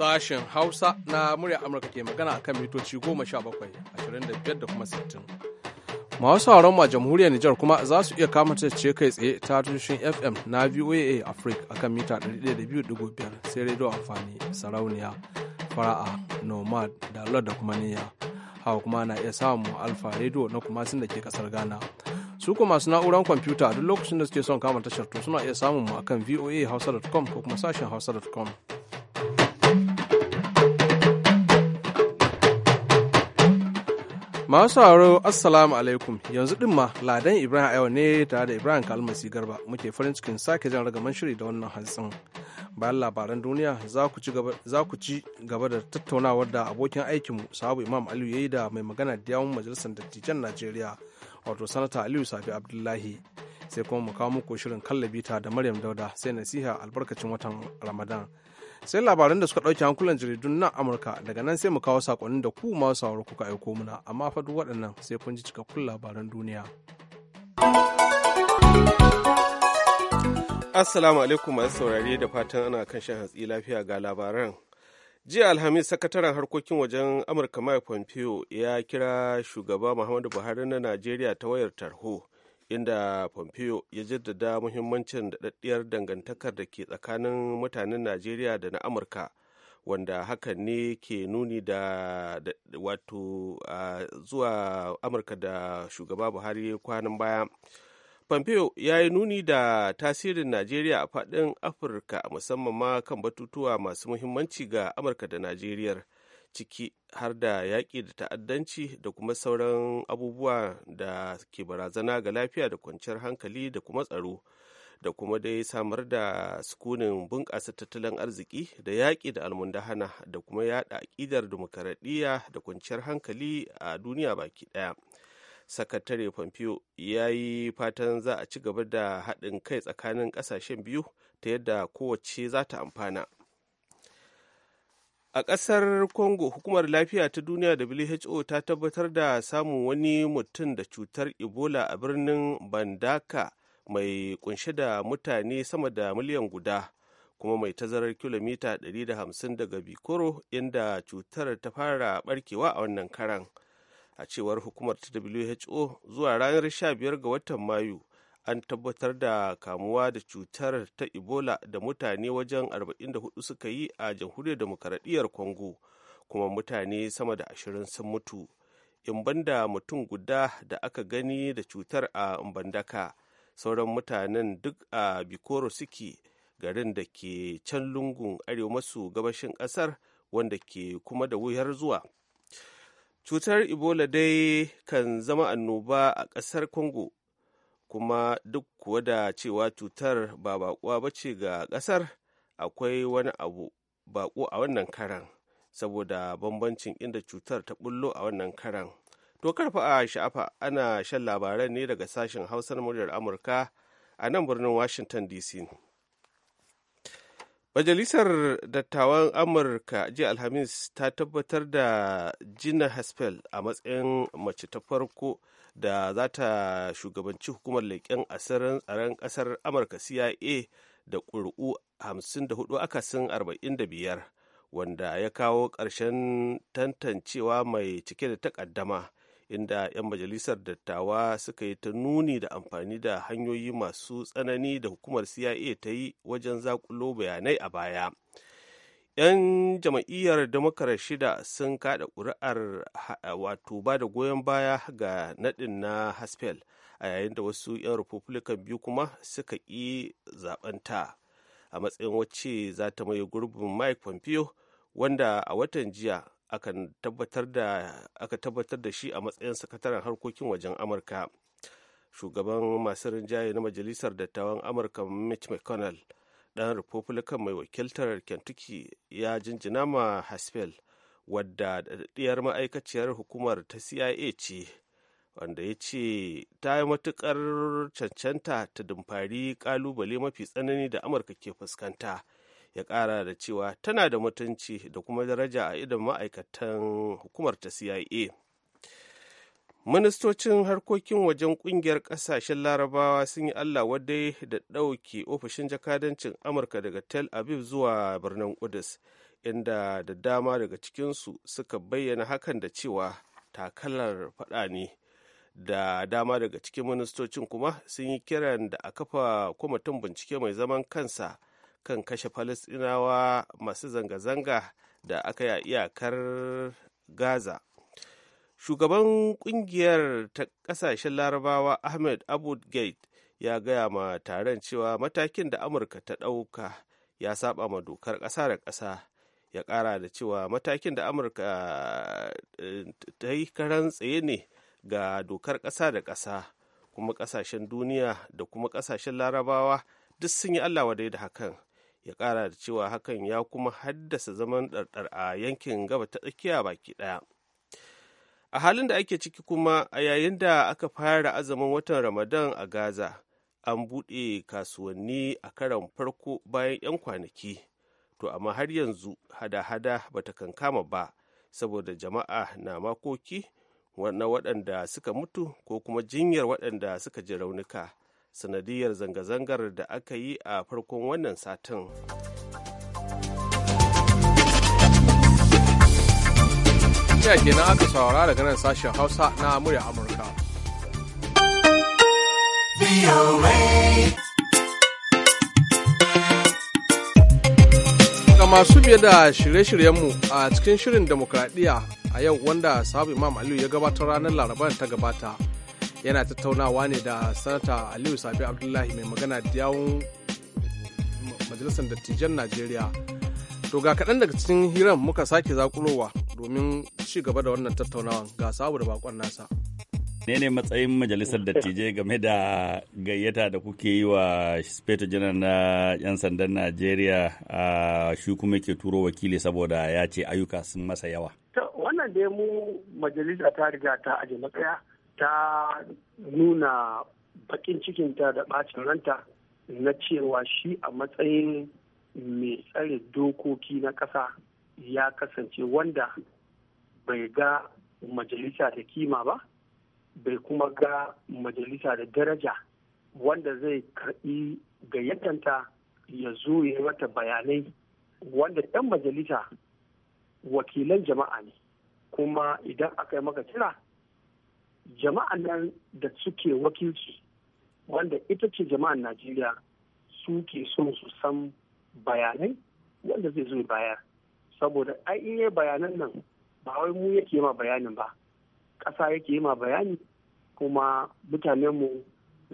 sashen Hausa na murya Amurka ke magana akan mitoci goma ashirin da kuma sittin. Masu sauran ma jamhuriyar Nijar kuma za su iya kama ce kai tsaye ta tushen FM na VOA Africa akan mita 102.5 sai rediyo amfani sarauniya fara'a nomad da da kuma niyya. Hawa kuma na iya samun alfa rediyo na kuma sun da ke kasar Ghana. su kuma masu na'urar kwamfuta duk lokacin da suke son kama tashar to suna iya samun mu akan hausa.com ko kuma sashen hausa.com Masu sauraro Assalamu alaikum yanzu din ma Ladan Ibrahim Ayo ne tare da Ibrahim Kalmasi Garba muke farin cikin sake jan ragaman shiri da wannan hantsin. Bayan labaran duniya za ku ci gaba da tattaunawar da abokin aikinmu sahabu Imam Aliyu ya yi da mai magana da yawun majalisar dattijan Najeriya wato sanata Aliyu Safi Abdullahi sai kuma mu kawo muku shirin kallabi ta da Maryam Dauda sai nasiha albarkacin watan Ramadan. sai labaran da suka ɗauki hankulan jaridun na amurka daga nan sai mu kawo sakonnin da ku masu sauraro kuka aiko muna amma fa duk waɗannan sai kun ji cikakkun labaran duniya assalamu alaikum masu saurare da fatan ana kan shan hatsi lafiya ga labaran jiya alhamis sakataren harkokin wajen amurka mike pompeo ya kira shugaba muhammadu buhari na najeriya ta wayar tarho inda pompeo ya jaddada muhimmancin daɗaɗɗiyar dangantakar da ke tsakanin mutanen najeriya da na amurka wanda hakan ne ke nuni da, wato zuwa amurka da shugaba buhari kwanan baya pompeo ya yi nuni da tasirin najeriya a faɗin afirka musamman ma kan batutuwa masu muhimmanci ga amurka da najeriyar ciki har da yaƙi da ta'addanci da kuma sauran abubuwa da ke barazana ga lafiya da kwanciyar hankali da kuma tsaro da kuma dai samar da sukunin bunƙasa tattalin arziki da yaƙi da almundahana da kuma yaɗa aƙidar dimokuraɗiyya da kwanciyar hankali a duniya baki ɗaya. sakatare pompeo ya yi fatan za a ci gaba da haɗin kai tsakanin ƙasashen biyu ta yadda kowace za ta amfana A ƙasar Congo, hukumar lafiya ta duniya WHO ta tabbatar da samun wani mutum da cutar Ebola a birnin Bandaka mai kunshe da mutane sama da miliyan guda, kuma mai tazarar kilomita 150 daga Bikoro inda cutar ta fara barkewa a wannan karan. A cewar hukumar ta WHO zuwa ranar 15 ga watan Mayu, an tabbatar da kamuwa da cutar ta ebola da mutane wajen 44 suka yi a jamhuriyar demokaradiyyar congo kuma mutane sama da ashirin sun mutu in banda mutum guda da aka gani da cutar a mbandaka sauran mutanen duk a bikoro suke garin da ke can lungun arewa masu gabashin ƙasar wanda ke kuma da wuyar zuwa cutar ebola dai kan zama annoba a ƙasar congo kuma duk kuwa da cewa cutar ba bakuwa ba ce ga ƙasar akwai wani abu bako a wannan karan saboda bambancin inda cutar ta bullo a wannan karan to karfa a sha'afa ana shan labaran ne daga sashen hausar muryar amurka a nan birnin washington dc Majalisar Dattawan Amurka jiya Alhamis ta tabbatar da jina Haspel a matsayin mace ta farko da za ta shugabanci hukumar leƙen asirin tsaron ƙasar amurka cia da ƙuri'u 54 akasin 45 wanda ya kawo ƙarshen tantancewa mai cike da takaddama inda 'yan majalisar dattawa suka yi ta nuni da amfani da hanyoyi masu tsanani da hukumar cia ta yi wajen zakulo bayanai a baya. 'yan jama'iyyar damakar shida sun kada ƙuri'ar wato ba da goyon baya ga naɗin na haspel a yayin da wasu 'yan republican biyu kuma suka ƙi zaɓenta a matsayin wacce za ta maye gurbin mike pompeo wanda a watan jiya aka tabbatar da shi a matsayin sakataren harkokin wajen amurka shugaban masu rinjaye na majalisar dattawan amurka mitch mcconnell dan republican mai wakiltar kentucky ya jinjina ma haspel wadda daɗaɗɗiyar ma'aikaciyar hukumar ta cia ce wanda ya ce ta yi matuƙar cancanta ta dumfari ƙalubale mafi tsanani da amurka ke fuskanta ya ƙara da cewa tana da mutunci da kuma daraja a idan ma'aikatan hukumar ta cia ministocin harkokin wajen kungiyar kasashen larabawa sun yi allah wadai da ɗauke ofishin jakadancin amurka daga tel aviv zuwa birnin kudus inda da dama daga cikinsu suka bayyana hakan da cewa takalar faɗa ne da dama daga cikin ministocin kuma sun yi kiran da a kafa kwamitin bincike mai zaman kansa kan kashe falastinawa masu zanga-zanga da aka yi a iyakar gaza shugaban kungiyar ta kasashen larabawa ahmed abud gate ya gaya ma taron cewa matakin da amurka ta ɗauka ya saba ma dokar ƙasa da ƙasa ya ƙara da cewa matakin da amurka eh, ta yi karan tsaye ne ga dokar ƙasa da ƙasa kuma ƙasashen duniya da kuma ƙasashen larabawa duk sun yi allah wadai da hakan ya ƙara da cewa hakan ya kuma haddasa zaman ɗarɗar a yankin gaba ta tsakiya baki ɗaya a halin da ake ciki kuma a yayin da aka fara azumin watan ramadan a gaza an buɗe kasuwanni a karon farko bayan 'yan kwanaki to amma har yanzu hada-hada ba ta kankama ba saboda jama'a na makoki na waɗanda suka mutu ko kuma jinyar waɗanda suka ji raunuka sanadiyar zanga-zangar da aka yi a farkon wannan satin lafiya na aka saurara daga nan sashen hausa na murya amurka ga masu biye da shirye-shiryenmu a cikin shirin demokradiyya a yau wanda sabu imam aliyu ya gabatar ranar laraba ta gabata yana tattaunawa ne da sanata aliyu sabi abdullahi mai magana da yawun majalisar dattijan najeriya to ga kaɗan daga cikin hiran muka sake zakulowa domin ci gaba da wannan tattaunawa ga sabu da bakon nasa. ne ne matsayin majalisar dattijai game da gayyata da kuke yi wa speto janar na 'yan sandan najeriya a shi kuma ke turo wakili saboda ya ce ayyuka sun masa yawa wannan da mu majalisa ta riga ta aje matsaya ta nuna bakin cikinta da bacin ranta na cewa shi a matsayin mai tsare dokoki na ƙasa ya kasance wanda bai ga majalisa da kima ba bai kuma ga majalisa da daraja wanda zai karbi gayyatanta ya zo ya mata bayanai wanda 'yan majalisa wakilan jama'a ne kuma idan aka yi maka kira jama'a nan da suke wakilci wanda ita ce jama'an najeriya suke son su san bayanai wanda zai zo bayar saboda ai in yi bayanan nan ba wai mu yake ma bayanin ba ƙasa yake yi ma bayani kuma mutanenmu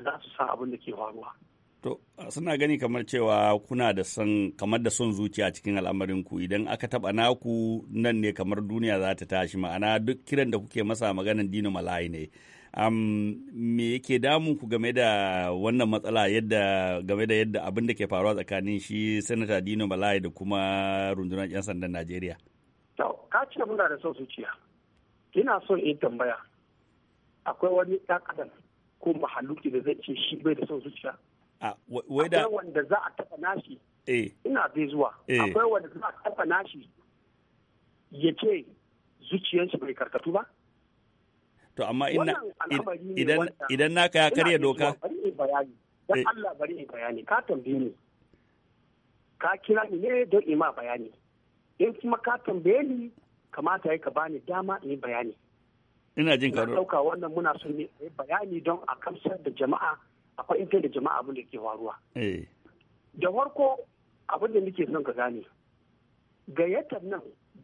za su san abin da ke faruwa. To, suna gani kamar cewa kuna da son kamar da son zuciya cikin al'amarin ku idan aka taba naku nan ne kamar duniya za ta tashi ma'ana duk kiran da kuke masa maganan dinu malayi ne me yake damun ku game da wannan matsala yadda game da yadda abin da ke faruwa tsakanin shi sanata Dino malai da kuma rundunar 'yan sandan Najeriya? To, ka ce muna da son zuciya. Ina son in tambaya. Akwai wani ɗan adam ko mahaluki da zai ce shi bai da son zuciya. Akwai wanda za a taɓa nashi. Eh. Ina bai zuwa. Eh. Akwai wanda za a taɓa nashi ya ce zuciyarsa bai karkatu ba. To amma idan naka ya karya doka. Dan eh. Allah bari in bayani, ka tambaye ni. Ka kira ni ne don in ma bayani. In kuma ka tambaye ni kamata ya ka bani dama in yi bayani. Ina jin karo. Ina wannan muna son ne bayani don a kamsar da jama'a a fahimtar da jama'a abin da ke faruwa. Eh. Da farko abin da nake son ka gane. Gayyatar nan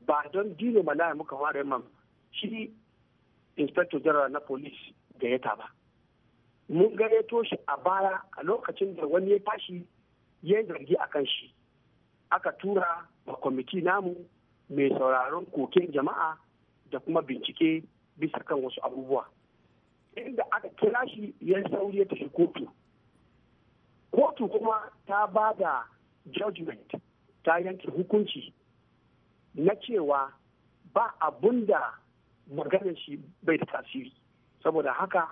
ba don dino malaya muka fara yin shi inspector general na police gayyata ba mun gayyato shi a baya a lokacin da wani ya tashi ya zargi a kan shi aka tura ma kwamiti namu mai sauraron koken jama'a da kuma bincike bisa kan wasu abubuwa inda aka kira shi ya sauri ya tafi kotu kotu kuma ta ba da judgment ta yanke hukunci na cewa ba abun da maganar shi bai da tasiri saboda haka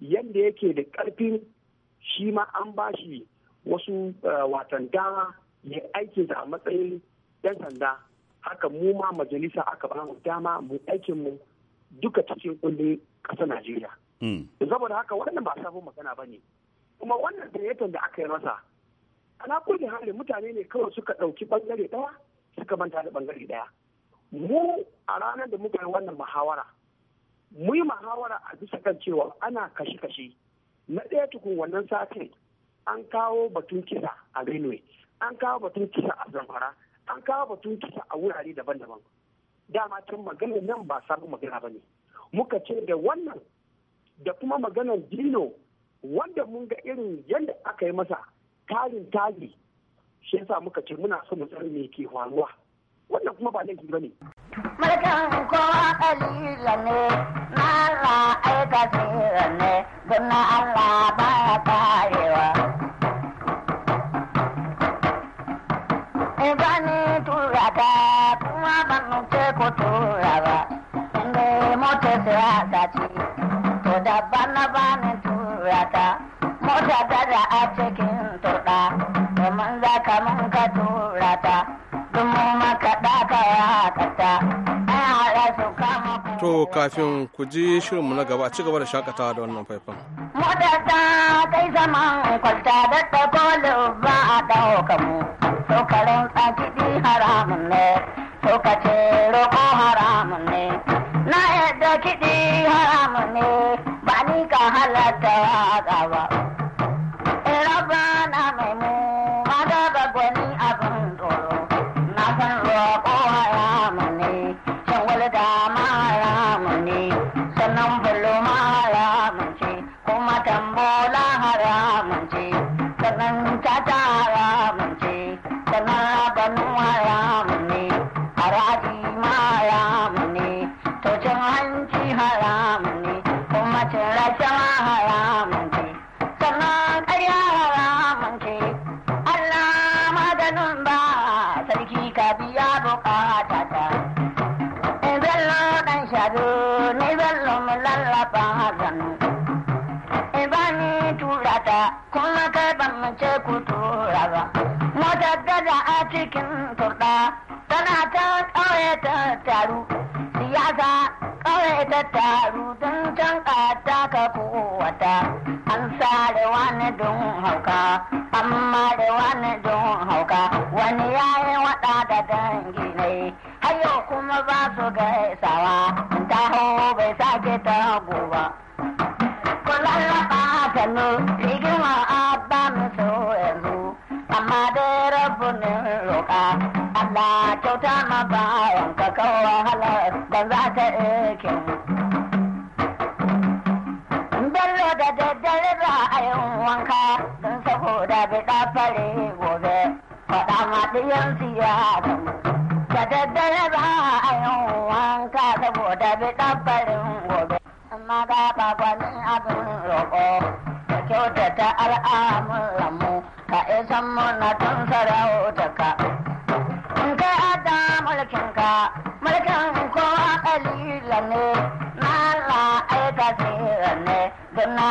yadda yake da ƙarfin shi ma an ba shi wasu eh, watan dama ya da a matsayin yan sanda haka mu ma majalisa aka ba mu dama mu aikin mu duka cikin kundin ƙasar Najeriya. Hmm. Saboda haka wannan ba sabon magana ba ne. Kuma wannan da aka yi masa ana kulle hali mutane ne kawai suka ɗauki ɓangare ɗaya suka manta da ɓangare ɗaya. mu a ranar da muka yi wannan muhawara mu yi muhawara a bisa kan cewa ana kashe-kashe na ɗaya tukun wannan satin an kawo batun kisa a benue an kawo batun kisa a zamfara an kawo batun kisa a wurare daban-daban dama can magana nan ba sabon magana ba ne muka ce da wannan da kuma maganar dino wanda mun ga irin yadda aka yi masa tarin tari shi yasa muka ce muna so mu tsari me ke faruwa wannan kuma ba laifi ba ne. Mulkin kowa kalila ne, na ra'aika tsira ne, don na Allah ba ya karewa. Iba ni tura ta kuma ban ce ko tura ba, inda mota siyasa ce, to daban na ba ni tura ta, mota ta da a cikin turɗa, domin za ka mun ka tura ta. To kafin ku ji shirinmu na gaba ci gaba da shakatawa da wannan faifan. Mota ta kai zaman kwalta da ta ba a ɗauka mu. ta kuma kai ban mace ku tura ba mutaddada a cikin turɗa tana ta ƙauye ta taru siyasa ƙauye ta taru don can ƙata ka kowata an sarewa wani don hauka an marewa wani don hauka wani ya yi waɗa da dangi ne hayo kuma ba su gaisawa taho bai sake ta ba. barin gobe amma ga babani abin roƙo ka kyautata al'amuran mu ka isan mu na tun sarauta in ka ada mulkin ka mulkin kowa kalila ne na Allah ai kasira ne don na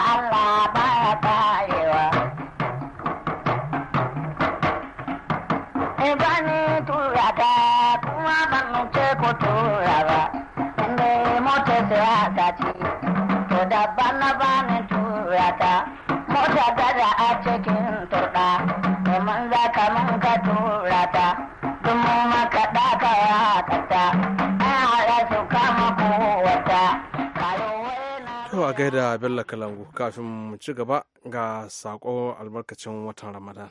da Bello Kalangu kafin mu ci gaba ga sako albarkacin watan Ramadan.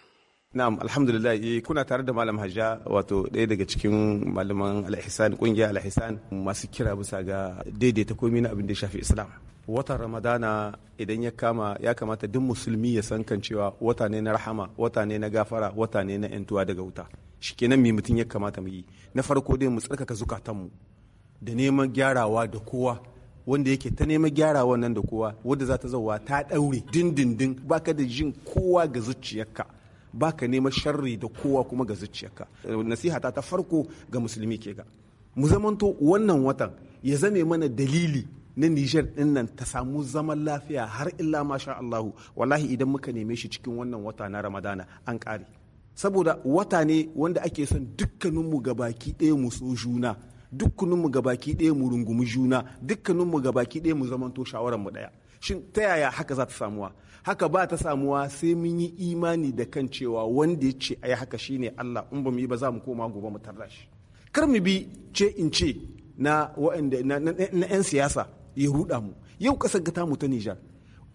Na'am, alhamdulillah eh, kuna tare da Malam Hajja wato ɗaya daga cikin malaman Al-Ihsan kungiyar Al-Ihsan masu kira bisa ga daidaita komai na abin da shafi Islam. Watan Ramadana idan ya kama ya kamata duk musulmi ya san kan cewa wata ne na rahama, wata ne na gafara, wata ne na yantuwa daga wuta. Shikenan mai mutum ya kamata mu yi? Na farko dai mu tsarkaka zukatanmu da neman gyarawa da kowa wanda yake ta nema gyara wannan da kowa wanda za ta zauwa ta ɗaure dindindin baka da jin kowa ga zuciyarka baka nema sharri da kowa kuma ga zuciyarka nasiha ta ta farko ga musulmi ke ga mu zamanto wannan watan ya zame mana dalili na Nijar din nan ta samu zaman lafiya har illa masha Allahu wallahi idan muka neme shi cikin wannan wata na Ramadana an kare saboda wata ne wanda ake son dukkaninmu ga baki ɗaya mu so juna dukkaninmu baki ɗaya mu rungumi juna dukkaninmu baki ɗaya mu zamanto shawararmu ɗaya shin ta yaya haka za ta samuwa haka ba ta samuwa sai mun yi imani da kan cewa wanda ya ce ai haka shine Allah in ba mu yi ba za mu koma gobe mu tarra shi kar mu bi ce in ce na wa'anda na 'yan siyasa ya ruda mu yau kasar ta mu ta Nijar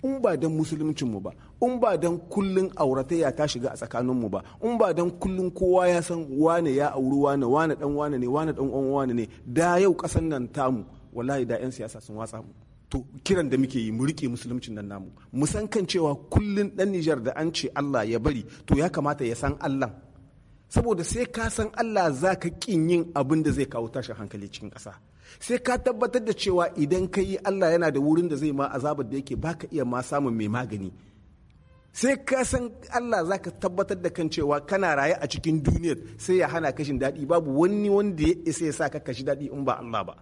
in ba dan musuluncin mu ba in ba dan kullun auratayya ta shiga a tsakanin mu ba in ba dan kullun kowa ya san wane ya auri wane wane dan wane ne wane dan uwan wane ne da yau kasan nan tamu wallahi da yan siyasa sun watsa mu to kiran da muke yi mu rike musuluncin nan namu mu san kan cewa kullun dan Nijar da an ce Allah ya bari to ya kamata ya san Allah saboda sai ka san Allah zaka ka kin yin abin da zai kawo tashin hankali cikin kasa. sai ka tabbatar da cewa idan ka yi Allah yana da wurin da zai ma azabar da yake baka iya ma samun mai magani sai ka san Allah za ka tabbatar da kan cewa kana raye a cikin duniyar sai ya hana kashin daɗi babu wani wanda ya isa ya sa ka kashi daɗi in ba Allah ba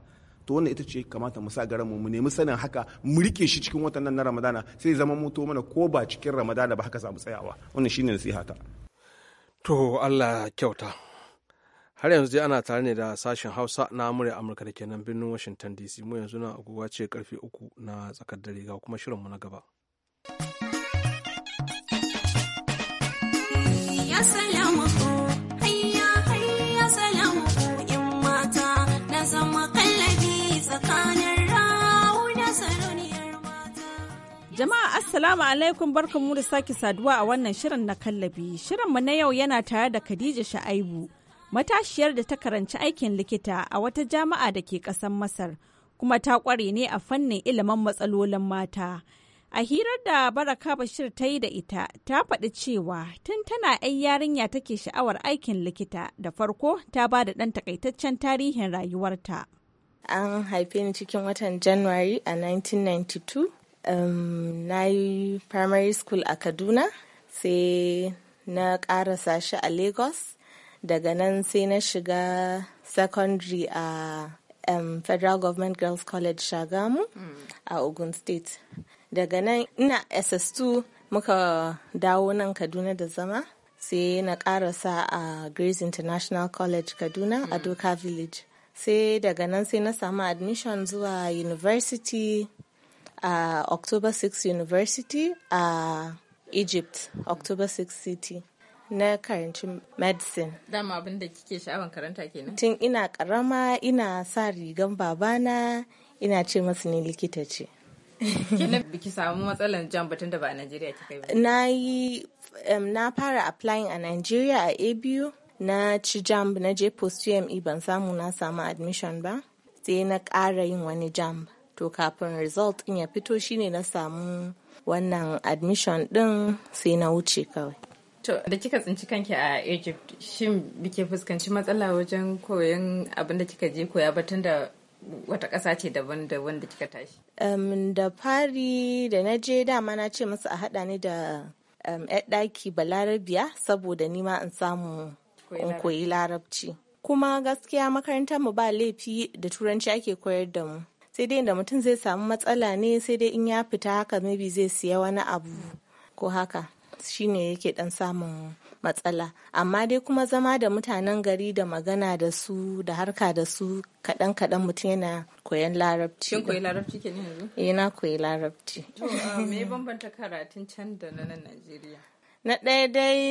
to wannan ita ce kamata mu sa garan mu mu nemi sanin haka mu rike shi cikin watan nan na Ramadana sai zama mu mana ko ba cikin Ramadana ba haka za tsayawa wannan shine nasiha ta to Allah kyauta har yanzu dai ana tare ne da sashen hausa na murya amurka da ke nan birnin washington dc mu yanzu na agogo ce karfe uku na tsakar dare ga kuma shirinmu na gaba Jama'a Assalamu alaikum barkanmu da sake saduwa a wannan shirin na kallabi. mu na yau yana tare da Khadija Sha'aibu. matashiyar da ta karanci aikin likita a wata jami'a da ke ƙasar Masar kuma ta ƙware ne a fannin ilimin matsalolin mata. A hirar da Baraka Bashir ta yi da ita, ta faɗi cewa tun tana 'yan yarinya take sha'awar aikin likita da farko ta ba da ɗan takaitaccen tarihin rayuwarta. An haife ni cikin watan January a 1992. Um, na yi primary school a Kaduna, sai na ƙarasa shi a Lagos. daga nan sai na shiga secondary a um, federal government girls college shagamu mm. a ogun state daga nan ina ss2 muka dawo nan kaduna da zama sai na karasa a grace international college kaduna mm. a doka village sai daga nan sai na samu admission zuwa university a uh, october 6 university a uh, egypt october 6 city na karanci medicine. Dama abin da kike sha'awan karanta kenan? Tun ina karama ina sa rigan babana ina ce masu ne likita ce. kina biki samu matsalan jan batun da ba a Najeriya kika yi Na yi na fara applying a Najeriya a ABU na ci jamb na je post UME ban samu na samu admission ba sai na ƙara yin wani jamb. to kafin result in ya fito shine na samu wannan admission din sai na wuce kawai To, da kika tsinci kanki a Egypt, shin bike fuskanci matsala wajen koyon abin da kika je koya tun da wata ƙasa ce daban da wanda kika tashi? da fari da na je dama na ce masu a haɗa ni da um, ɗaki balarabiya saboda nima in samu in koyi larabci. Kuma gaskiya makarantar mu ba laifi da turanci ake koyar da mu. Sai dai da mutum zai samu matsala ne sai dai in ya fita haka maybe zai siya wani abu ko haka. shi ne yake dan samun matsala amma dai kuma zama da mutanen gari da magana da su da harka da su kaɗan kaɗan mutum yana koyan larabci koyi larabci ke yanzu yana eh, koyi larabci to ah, me bambanta karatun can da na nan Najeriya na ɗaya dai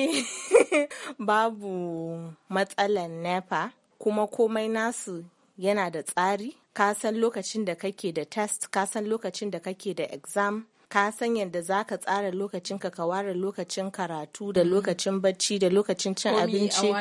babu matsalan nepa kuma komai nasu yana da tsari ka san lokacin da kake da test ka san lokacin da kake da exam ka san yadda za ka tsara lokacinka ka ware lokacin karatu da mm-hmm. lokacin bacci da lokacin cin abinci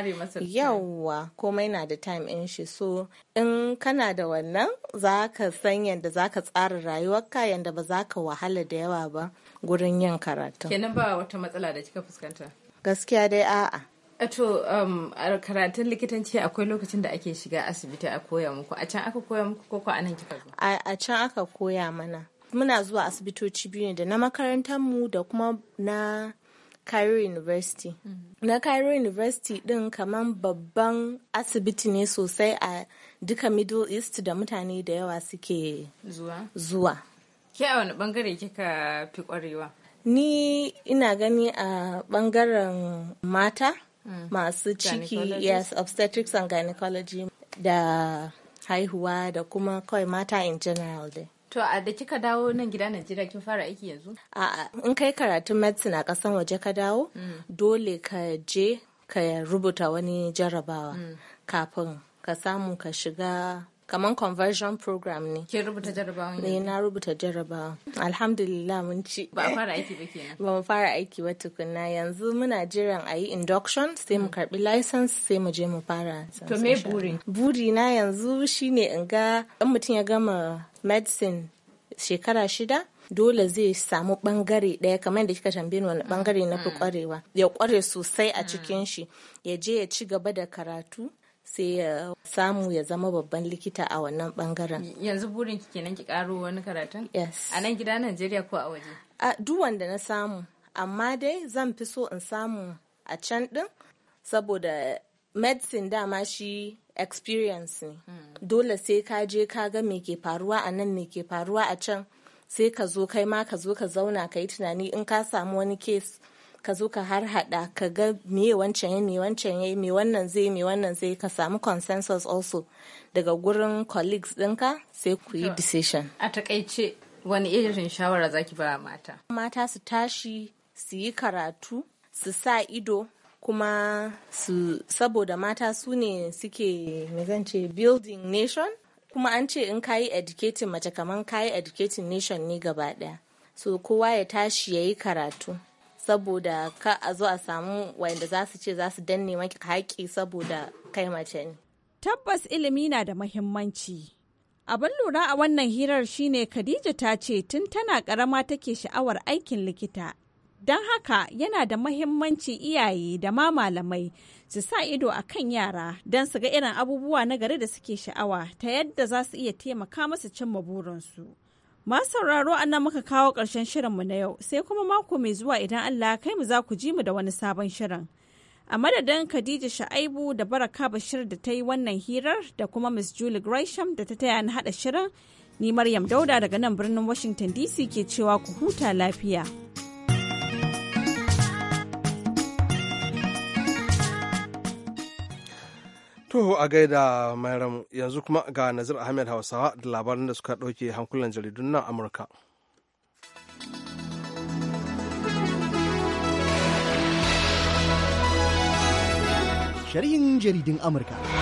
yawwa komai na da time in shi so in kana da wannan za ka san yadda za ka tsara rayuwarka yadda ba za ka wahala da yawa ba gurin yin karatu kenan ba wata matsala da kika fuskanta gaskiya dai a'a eh to um, karatun likitanci akwai lokacin da ake shiga asibiti a koya muku a can aka koya muku ko ko anan kika zo a can aka koya mana muna zuwa asibitoci biyu ne da na makarantar mu da kuma na Cairo University. Mm-hmm. Na Cairo University ɗin kamar babban asibiti ne sosai a duka Middle East da mutane da yawa suke zuwa. Ke a wani bangare kika fi kwarewa? Ni ina gani a bangaren mata mm. masu ciki, yes, obstetrics and gynecology da haihuwa da kuma kawai mata in general dai. To a da kika dawo nan gida Najeriya kin fara aiki yanzu? A in kai karatun medicine a kasan waje ka dawo, mm. dole ka je ka rubuta wani jarabawa mm. kafin ka samu ka shiga kamar conversion program ne. Ke rubuta jarabawa eh, ne? na rubuta jarabawa. Alhamdulillah mun ci. Ba fara aiki ba kenan. Ba mu fara aiki ba tukunna yanzu muna jiran a yi induction sai mu mm. karbi license sai mu je mu fara. To me burin? Buri na yanzu shine in ga dan mutum ya gama medicine shekara shida dole zai samu bangare daya kamar da kika tambaye wani bangare na fi kwarewa mm. ya kware sosai a mm. cikin shi ya je ya ci gaba da karatu sai ya samu ya zama babban likita a wannan bangaren yanzu burin ki kenan ki karo wani karatun yes a nan gida Najeriya ko a waje a duk wanda na samu amma dai zan fi so in samu a can din saboda medicine dama shi experience ne hmm. dole sai ka je ka ga me ke faruwa a nan me ke faruwa a can sai ka zo kai ma ka zo ka zauna ka yi tunani in ka samu wani case ka zo ka har hada ka ga me wancan ya me wancan ya me wannan zai me wannan zai ka samu consensus also daga gurin colleagues dinka sai ku yi decision a takaice wani irin shawara zaki ba mata mata su tashi su yi karatu su sa ido kuma su saboda mata su ne suke ce building nation kuma an ce in kayi educating mace kaman kayi educating nation ne gaba daya so kowa ya tashi ya yi karatu saboda ka a zo a samu wanda za su ce za su danne maki haƙi saboda kai mace ne tabbas ilimi na da mahimmanci Abin lura a wannan hirar shine Khadija ta ce tun tana karama take sha'awar aikin likita Don haka yana da mahimmanci iyaye da ma malamai su sa ido a kan yara don su ga irin abubuwa na gari da suke sha'awa ta yadda za su iya taimaka masu cimma burinsu. Ma sauraro an muka kawo ƙarshen mu na yau sai kuma mako mai zuwa idan Allah kai mu za ku ji mu da wani sabon shirin. A madadin Khadija Sha'aibu da Baraka Bashir da ta yi wannan hirar da kuma Miss Julie Gresham da ta taya ni haɗa shirin, ni Maryam Dauda daga nan birnin Washington DC ke cewa ku huta lafiya. To a gaida Mairam yanzu kuma ga Nazir Ahmed Hausawa da labaran da suka ɗauke hankulan jaridun nan Amurka. Sharhin jaridun Amurka.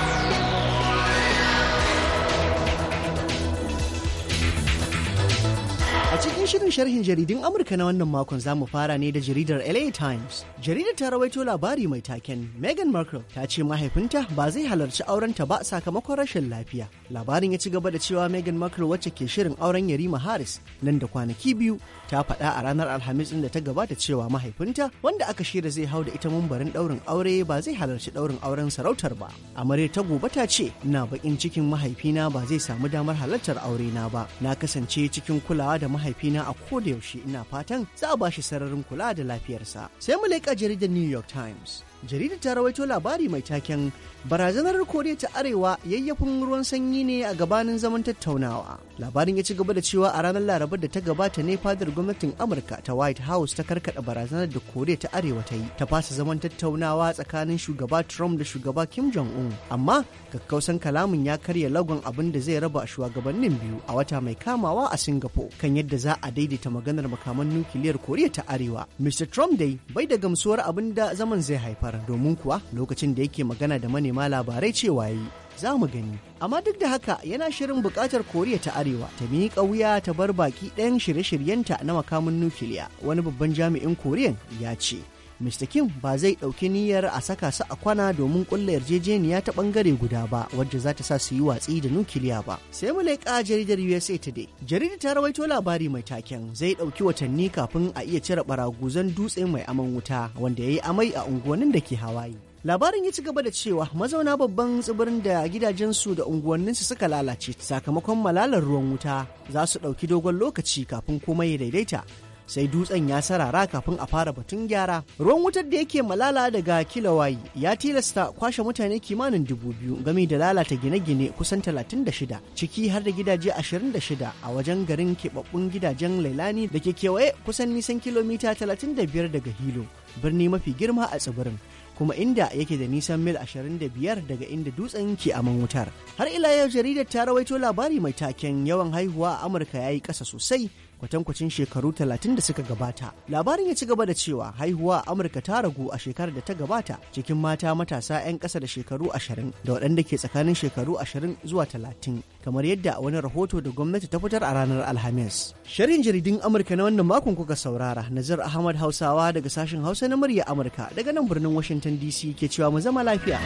shirin sharhin jaridun Amurka na wannan makon zamu fara ne da jaridar LA Times. Jaridar ta rawaito labari mai taken Meghan Markle ta ce mahaifinta ba zai halarci aurenta ba sakamakon rashin lafiya. Labarin ya ci gaba da cewa Meghan Markle wacce ke shirin auren Yarima Harris nan da kwanaki biyu ta faɗa a ranar Alhamis da ta gabata cewa mahaifinta wanda aka shirya zai hau da ita mumbarin ɗaurin aure ba zai halarci ɗaurin auren sarautar ba. Amarya ta gobe ta ce na bakin cikin mahaifina ba zai samu damar halartar aure na ba. Na kasance cikin kulawa da mahaifina ina a koda yaushe ina fatan za a ba shi sararin kula da lafiyarsa. Sai mu leƙa jaridar New York Times. jaridar ta rawaito labari mai taken barazanar koriya ta arewa yayyafin ruwan sanyi ne a gabanin zaman tattaunawa labarin ya ci gaba da cewa a ranar larabar da ta gabata ne fadar gwamnatin amurka ta white house ta karkada barazanar da koriya ta arewa ta yi ta fasa zaman tattaunawa tsakanin shugaba trump da shugaba kim jong un amma kakkausan kalamin ya karya lagon abin da zai raba shugabannin biyu a wata mai kamawa a singapore kan yadda za a daidaita maganar makaman nukiliyar koriya ta arewa mr trump dai bai da gamsuwar abin da zaman zai haifar zamfara domin kuwa lokacin da yake magana da manema labarai cewa yi za mu gani amma duk da haka yana shirin buƙatar koriya ta arewa ta miƙa wuya ta bar baki ɗayan shirye-shiryenta na makamin nukiliya wani babban jami'in koriyan ya ce Mr. Kim ba zai ɗauki niyyar a saka su a kwana domin ƙulla yarjejeniya ta ɓangare guda ba wadda za ta sa su yi watsi da nukiliya ba. Sai mu leƙa jaridar USA Today. Jaridar ta rawaito labari mai taken zai ɗauki watanni kafin a iya cire baraguzan dutse mai aman wuta wanda ya yi amai a unguwannin da ke Hawaii. labarin ya ci gaba da cewa mazauna babban tsibirin da gidajensu da unguwanninsu suka lalace sakamakon malalar ruwan wuta za su ɗauki dogon lokaci kafin komai ya daidaita sai dutsen ya sarara kafin a fara batun gyara ruwan wutar da yake malala daga kilawayi ya tilasta kwashe mutane kimanin dubu biyu game da lalata gine-gine kusan 36 ciki har da gidaje 26 a wajen garin keɓaɓɓun gidajen lailani da ke kewaye kusan nisan kilomita 35 daga hilo birni mafi girma a tsibirin kuma inda yake da nisan mil 25 daga inda dutsen ke aman wutar har ila yau jaridar ta rawaito labari mai taken yawan haihuwa a amurka ya yi ƙasa sosai kwatankwacin shekaru talatin da suka gabata. Labarin ya ci gaba da cewa haihuwa a Amurka ta ragu a shekarar da ta gabata cikin mata matasa 'yan ƙasa da shekaru ashirin, da waɗanda ke tsakanin shekaru ashirin zuwa talatin, kamar yadda wani rahoto da gwamnati ta fitar a ranar Alhamis. Shirin jaridun Amurka na wannan makon kuka saurara Nazar Ahmad Hausawa daga sashen Hausa na murya Amurka daga nan birnin Washington DC ke cewa mu zama lafiya.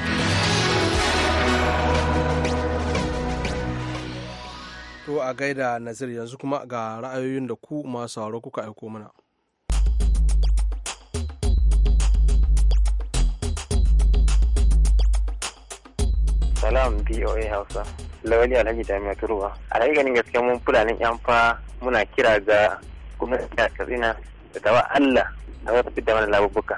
a gaida Nazir yanzu kuma ga ra'ayoyin da ku masu sauraro kuka aiko mana. Salam BOA Hausa. Lawali Alhaji Jami'a Turuwa. A ganin gaske mun fulanin yan fa muna kira ga gwamnati da Katsina da tawa Allah da wata fita mana labubuka.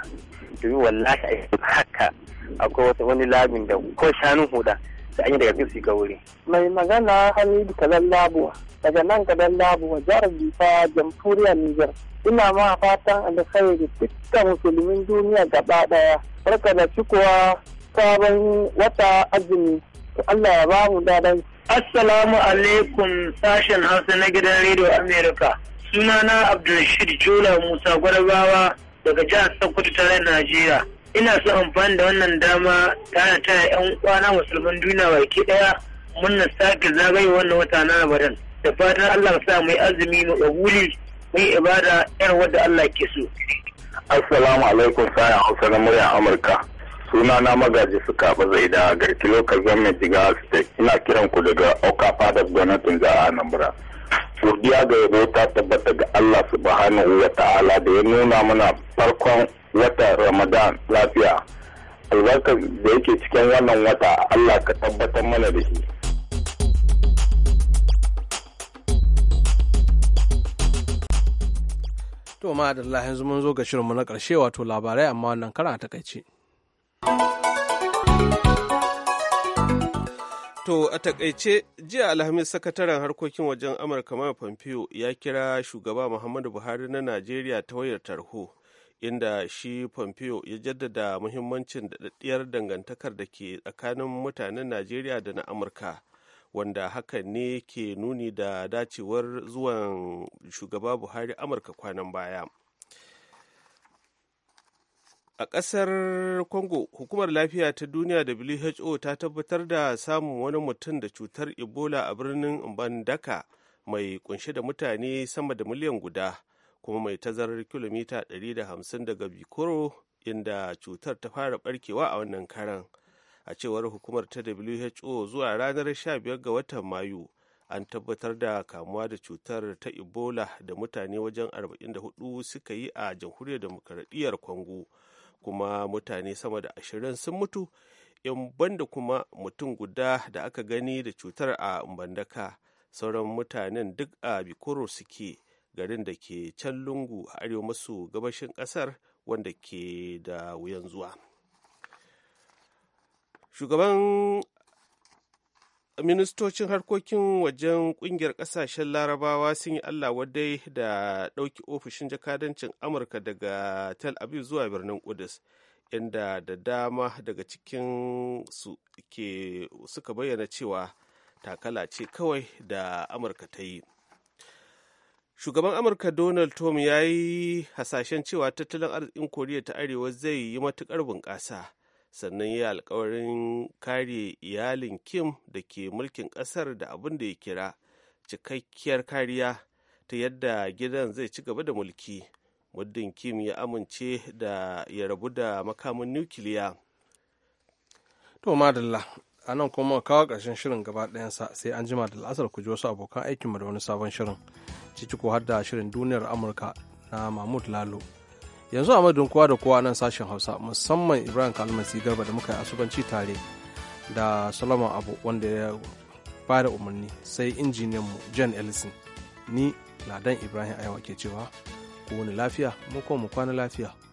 Domin wallahi a haka akwai wani labin da ko shanu huda da an yi daga fisi ga wuri. Mai magana Hamidu Kalan Labuwa daga nan kadan Labuwa jihar Bifa jamhuriyar Nijar. Ina ma fatan alkhairi dukkan musulmin duniya gaba ɗaya Barka da cikowa sabon wata azumi. Allah ya ba mu dadan. Assalamu alaikum sashen Hausa na gidan Radio America. Sunana Abdulrashid Jola Musa Gwarabawa daga jihar Sokoto tare Najeriya. ina so amfani da wannan dama tana ta yan kwana musulman duniya baki daya muna sake zagaye wannan wata na Ramadan da fatan Allah sa mai azumi mu kabuli mu ibada yar wadda Allah ke so Assalamu alaikum sayan Hausa na murya Amurka suna na magaji su kaba zai da garki lokacin mai jiga ina kiran ku daga Okafa da gwamnatin jihar Anambra godiya ga yabo ta tabbata ga Allah subhanahu wa ta'ala da ya nuna mana farkon watan Ramadan lafiya. Albarkar da yake cikin wannan wata Allah ka tabbatar mana da shi. To ma da yanzu mun zo ga shirinmu na ƙarshe wato labarai amma wannan ta a takaice. To a takaice jiya Alhamis sakataren harkokin wajen Amurka Mike Pompeo ya kira shugaba Muhammadu Buhari na Najeriya ta wayar tarho inda shi Pompeo ya jaddada muhimmancin daɗaɗɗiyar dangantakar da ke tsakanin mutanen Najeriya da na Amurka wanda hakan ne ke nuni da dacewar zuwan shugaba Buhari Amurka kwanan baya. A ƙasar Congo, hukumar lafiya ta duniya WHO ta tabbatar da samun wani mutum da cutar Ebola a birnin Mbandaka mai kunshe da mutane sama da miliyan guda, kuma mai tazarar kilomita 150 daga Bikoro inda cutar ta fara barkewa a wannan karan. A cewar hukumar ta WHO zuwa ranar 15 ga watan Mayu, an tabbatar da kamuwa da cutar ta Ebola da mutane wajen 44 suka yi a jamhuriyar demokaradiyyar Congo. kuma mutane sama da ashirin sun mutu in banda kuma mutum guda da aka gani da cutar a mbandaka sauran mutanen duk a bikoro suke garin da ke can lungu a arewa maso gabashin kasar wanda ke da wuyan zuwa shugaban ministocin harkokin wajen kungiyar kasashen larabawa sun yi allah wadai da ɗauki ofishin jakadancin amurka daga tel aviv zuwa birnin kudus inda da dama daga cikin su ke suka bayyana cewa takala ce kawai da amurka ta yi shugaban amurka donald trump ya yi hasashen cewa tattalin arzikin koriya ta arewa zai yi matukar bunƙasa sannan ya alkawarin kare iyalin kim da ke mulkin kasar da abin da ya kira cikakkiyar kariya ta yadda gidan zai ci gaba da mulki muddin kim ya amince da ya rabu da makamin nukiliya to madalla a nan kuma kawo ƙarshen shirin gaba ɗayansa sai an jima da la'asar ku ji wasu abokan aikinmu da wani sabon shirin ciki ko har da shirin duniyar amurka na mahmud lalo yanzu a madadin kowa da kowa nan sashen hausa musamman ibrahim kalmasi garba da muka yi asubanci tare da solomon abu wanda ya bada umarni sai injiniyan mu john ellison ni ladan ibrahim ayawa ke cewa ku wani lafiya mu kuma mu kwana lafiya